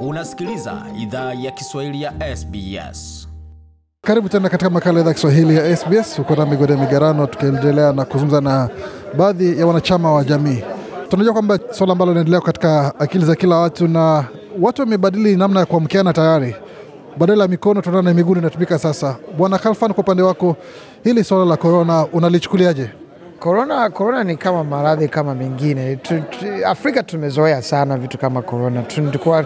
Unasikiliza idhaa ya Kiswahili ya SBS. Karibu tena katika makala idha ya Kiswahili ya SBS. huko na migode migarano, tukiendelea na kuzungumza na baadhi ya wanachama wa jamii. Tunajua kwamba swala ambalo linaendelea katika akili za kila watu, na watu wamebadili namna ya kuamkiana tayari badala ya mikono tunaona na miguu inatumika sasa. Bwana Kalfan, kwa upande wako hili suala la korona unalichukuliaje? Korona, korona ni kama maradhi kama mengine tu, tu, Afrika tumezoea sana vitu kama korona. Tulikuwa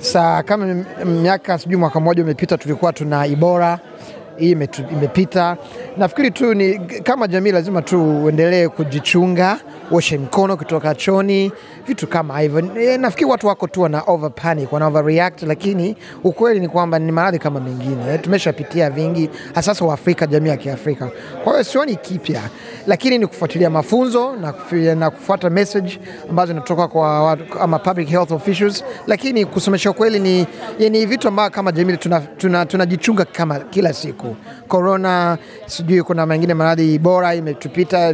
saa kama miaka sijui mwaka mmoja umepita, tulikuwa tuna Ibora hii imepita. Nafikiri tu ni kama jamii lazima tu uendelee kujichunga uoshe mkono kutoka choni, vitu kama hivyo. E, nafikiri watu wako tu wana over panic, wana overreact, lakini ukweli ni kwamba ni maradhi kama mengine e, tumeshapitia vingi, hasasa Waafrika, jamii ya Kiafrika. Kwa hiyo sioni kipya, lakini ni kufuatilia mafunzo na, na kufuata message ambazo inatoka kwa ama public health officials, lakini kusomesha kweli ni, yani vitu ambayo kama jamii tunajichunga tuna, tuna kama kila siku. Corona sijui kuna mengine maradhi bora imetupita,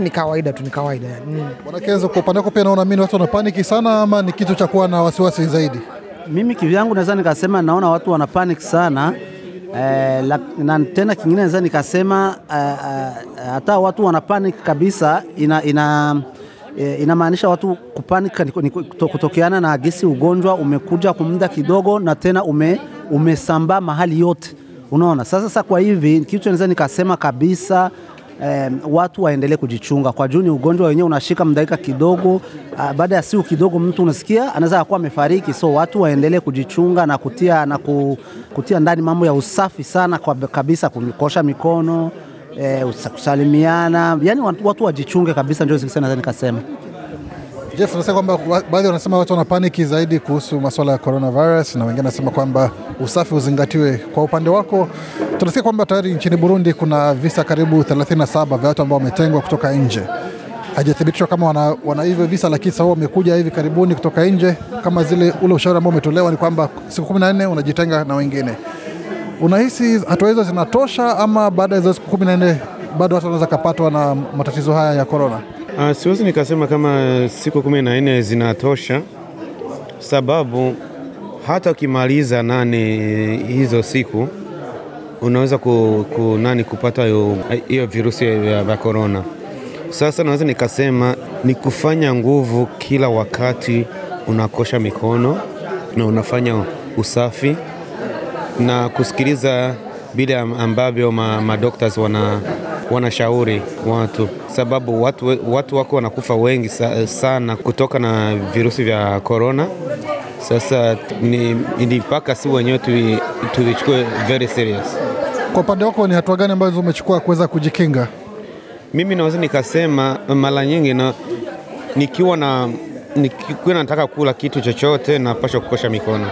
ni kawaida tu, ni kawaida kuendelea. Mm. Bwana Kenzo, kwa upande wako pia naona mimi watu paniki sana, ama ni kitu cha kuwa na wasiwasi zaidi? Mimi kivyangu naweza nikasema naona watu paniki sana eh, la, na tena kingine naweza nikasema eh, eh, hata eh, watu wanapaniki kabisa ina, ina eh, inamaanisha watu kupanika kutokeana na gesi, ugonjwa umekuja kwa muda kidogo, na tena ume, umesambaa mahali yote, unaona sasa. Sasa kwa hivi kitu naweza nikasema kabisa eh, watu waendelee kujichunga kwa juu ni ugonjwa wenyewe unashika mdaika kidogo. Uh, baada ya siku kidogo mtu unasikia anaweza kuwa amefariki, so watu waendelee kujichunga na kutia, na kutia ndani mambo ya usafi sana kwa kabisa, kukosha mikono eh, kusalimiana, yani watu wajichunge kabisa, ndio nikasema. Jeff, unasema kwamba baadhi wanasema watu wanapaniki zaidi kuhusu masuala ya coronavirus na wengine wanasema kwamba usafi uzingatiwe. Kwa upande wako, tunasikia kwamba tayari nchini Burundi kuna visa karibu 37 vya watu ambao wametengwa kutoka nje. Hajathibitishwa kama wana, wana hivyo visa, lakini sasa wamekuja hivi karibuni kutoka nje, kama zile ule ushauri ambao umetolewa ni kwamba siku 14 unajitenga na wengine. Unahisi hatua hizo zinatosha ama baada ya siku 14 bado watu wanaweza kapatwa na matatizo haya ya korona? Uh, siwezi nikasema kama siku kumi na nne zinatosha, sababu hata ukimaliza nani hizo siku unaweza ku, ku, nani kupata hiyo virusi vya korona. Sasa naweza nikasema ni kufanya nguvu kila wakati, unakosha mikono na unafanya usafi na kusikiliza vile ambavyo ma wana wanashauri watu, sababu watu, watu wako wanakufa wengi sana kutoka na virusi vya korona. Sasa ni, ni mpaka si wenyewe tulichukue very serious. Kwa upande wako ni hatua gani ambazo umechukua kuweza kujikinga? Mimi naweza nikasema mara nyingi na, nikiwa na nikiwa nataka kula kitu chochote napasha kukosha mikono,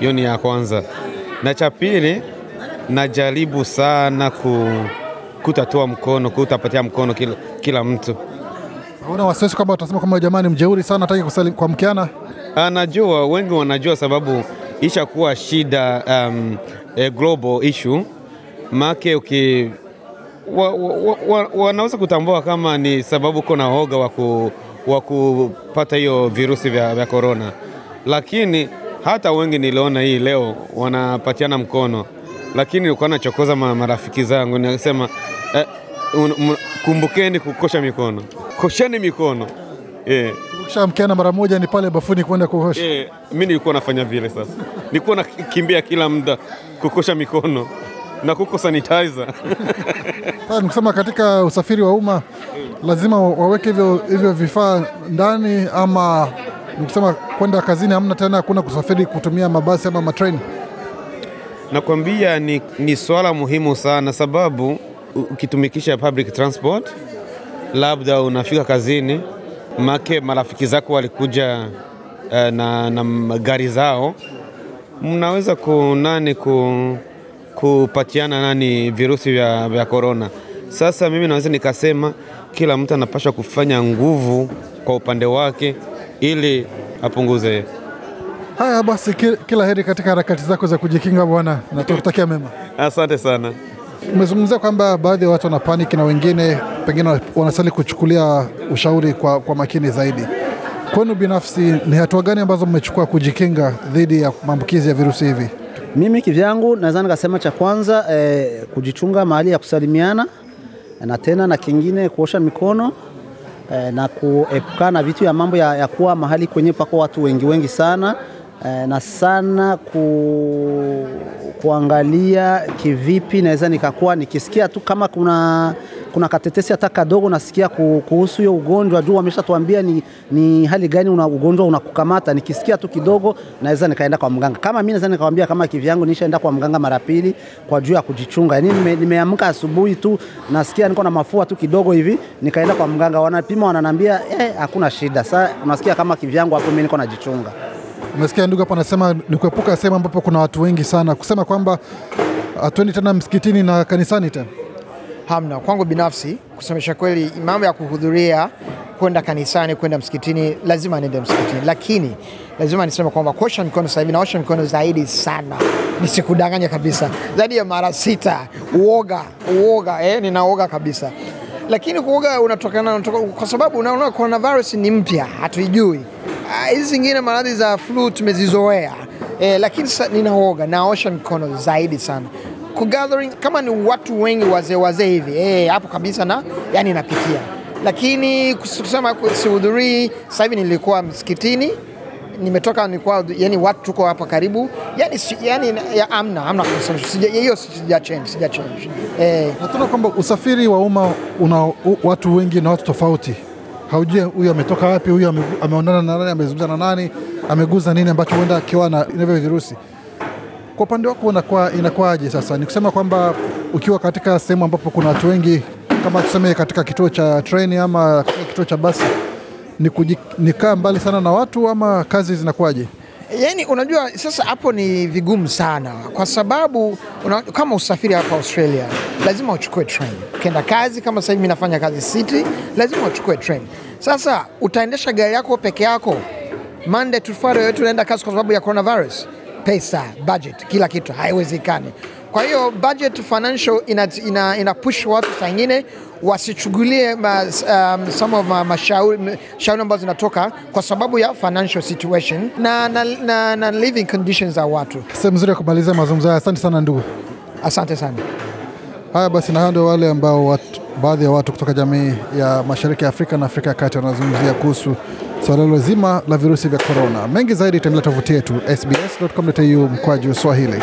hiyo ni ya kwanza, na cha pili najaribu sana ku kutatoa mkono, kutapatia mkono kila, kila mtu. Una wasiwasi kwamba watasema kama jamani, mjeuri sana, hataki kusali kwa mkiana? Anajua ah, wengi wanajua, sababu ishakuwa shida um, a global issue make uki wa, wa, wa, wanaweza kutambua kama ni sababu kuna hoga wa kupata hiyo virusi vya, vya korona, lakini hata wengi niliona hii leo wanapatiana mkono lakini nilikuwa nachokoza marafiki zangu, nikasema eh, kumbukeni kukosha mikono, kosheni mikono yeah. mkiana mara moja ni pale bafuni kuenda kuosha yeah. nilikuwa nafanya vile sasa, nilikuwa nakimbia kila muda kukosha mikono na kuko sanitizer. Nikusema katika usafiri wa umma lazima waweke hivyo hivyo vifaa ndani, ama nikusema kwenda kazini hamna tena, hakuna kusafiri kutumia mabasi ama matreni. Nakwambia ni, ni swala muhimu sana, sababu ukitumikisha public transport labda unafika kazini, make marafiki zako walikuja eh, na, na gari zao, mnaweza ku, nani ku, kupatiana nani virusi vya, vya korona. Sasa mimi naweza nikasema kila mtu anapaswa kufanya nguvu kwa upande wake ili apunguze Haya basi, kila heri katika harakati zako za kujikinga bwana, na tunakutakia mema. Asante sana. Umezungumzia kwamba baadhi ya watu wana paniki na wengine pengine wanastahili kuchukulia ushauri kwa, kwa makini zaidi. Kwenu binafsi ni hatua gani ambazo mmechukua kujikinga dhidi ya maambukizi ya virusi hivi? Mimi kivyangu naweza nikasema cha kwanza eh, kujichunga mahali ya kusalimiana na tena na kingine kuosha mikono eh, na kuepukana na vitu ya mambo ya, ya kuwa mahali kwenye pako watu wengi wengi sana. Eh, na sana ku, kuangalia kivipi naweza nikakuwa nikisikia tu kama kuna, kuna katetesi hata kadogo nasikia kuhusu hiyo ugonjwa juu tuambia ni, ni hali gani una ugonjwa unakukamata. Nikisikia tu kidogo naweza nikaenda kwa mganga. Kama mimi naweza nikamwambia kama kivyangu nishaenda kwa mganga mara pili kwa juu ya kujichunga. Yaani nime, nimeamka asubuhi tu nasikia niko na mafua tu kidogo hivi, nikaenda kwa mganga, wanapima wananiambia eh, hakuna shida. Sasa unasikia kama kivyangu hapo mimi niko najichunga. Umesikia ndugu hapo anasema ni kuepuka sehemu ambapo kuna watu wengi sana, kusema kwamba hatuendi uh, tena msikitini na kanisani tena. Hamna, kwangu binafsi, kusemesha kweli, mambo ya kuhudhuria kwenda kanisani, kwenda msikitini, lazima niende msikitini, lakini lazima niseme kwamba kuosha mikono sasa hivi naosha mikono zaidi sana, nisikudanganya kabisa, zaidi ya mara sita. Uoga, uoga, eh, ninaoga kabisa lakini kuoga unatokana kwa sababu unaona coronavirus ni mpya, hatuijui Ah, hizi zingine maradhi za flu tumezizoea eh, lakini sasa ninaoga naosha mikono zaidi sana ku gathering, kama ni watu wengi wazee wazee hivi eh, hapo kabisa na yani napitia, lakini kusema sihudhurii. Sasa hivi nilikuwa msikitini nimetoka nilikuwa yani watu tuko hapa karibu yani, yani ya amna amna hiyo sija change sija change eh, natuna kwamba usafiri wa umma una watu wengi na watu tofauti haujui huyu ametoka wapi, huyu ameonana na nani, amezungumza na nani, ameguza nini ambacho huenda akiwa na hivyo virusi. Kwa upande wako unakuwa inakuwaje? Sasa ni kusema kwamba ukiwa katika sehemu ambapo kuna watu wengi, kama tuseme katika kituo cha treni ama katika kituo cha basi, ni kujikaa mbali sana na watu ama kazi zinakuwaje? yani unajua sasa hapo ni vigumu sana kwa sababu una, kama usafiri hapa Australia lazima uchukue train ukienda kazi. Kama sasa hivi mimi nafanya kazi city, lazima uchukue train. Sasa utaendesha gari yako peke yako Monday to Friday, unaenda kazi kwa sababu ya coronavirus, pesa budget, kila kitu haiwezekani. Kwa hiyo budget financial ina, ina, ina push watu sangine wasichugulie um, some of mashauri ambazo zinatoka kwa sababu ya financial situation na, na, na, na living conditions za watu. Sehemu nzuri ya kumaliza mazungumzo haya. Asante sana ndugu. Asante sana. Haya basi, na hao ndio wale ambao baadhi ya watu kutoka jamii ya mashariki ya Afrika na Afrika ya kati wanazungumzia kuhusu swala hilo zima la virusi vya korona. Mengi zaidi, tembelea tovuti yetu sbs.com.au mkwaju Swahili.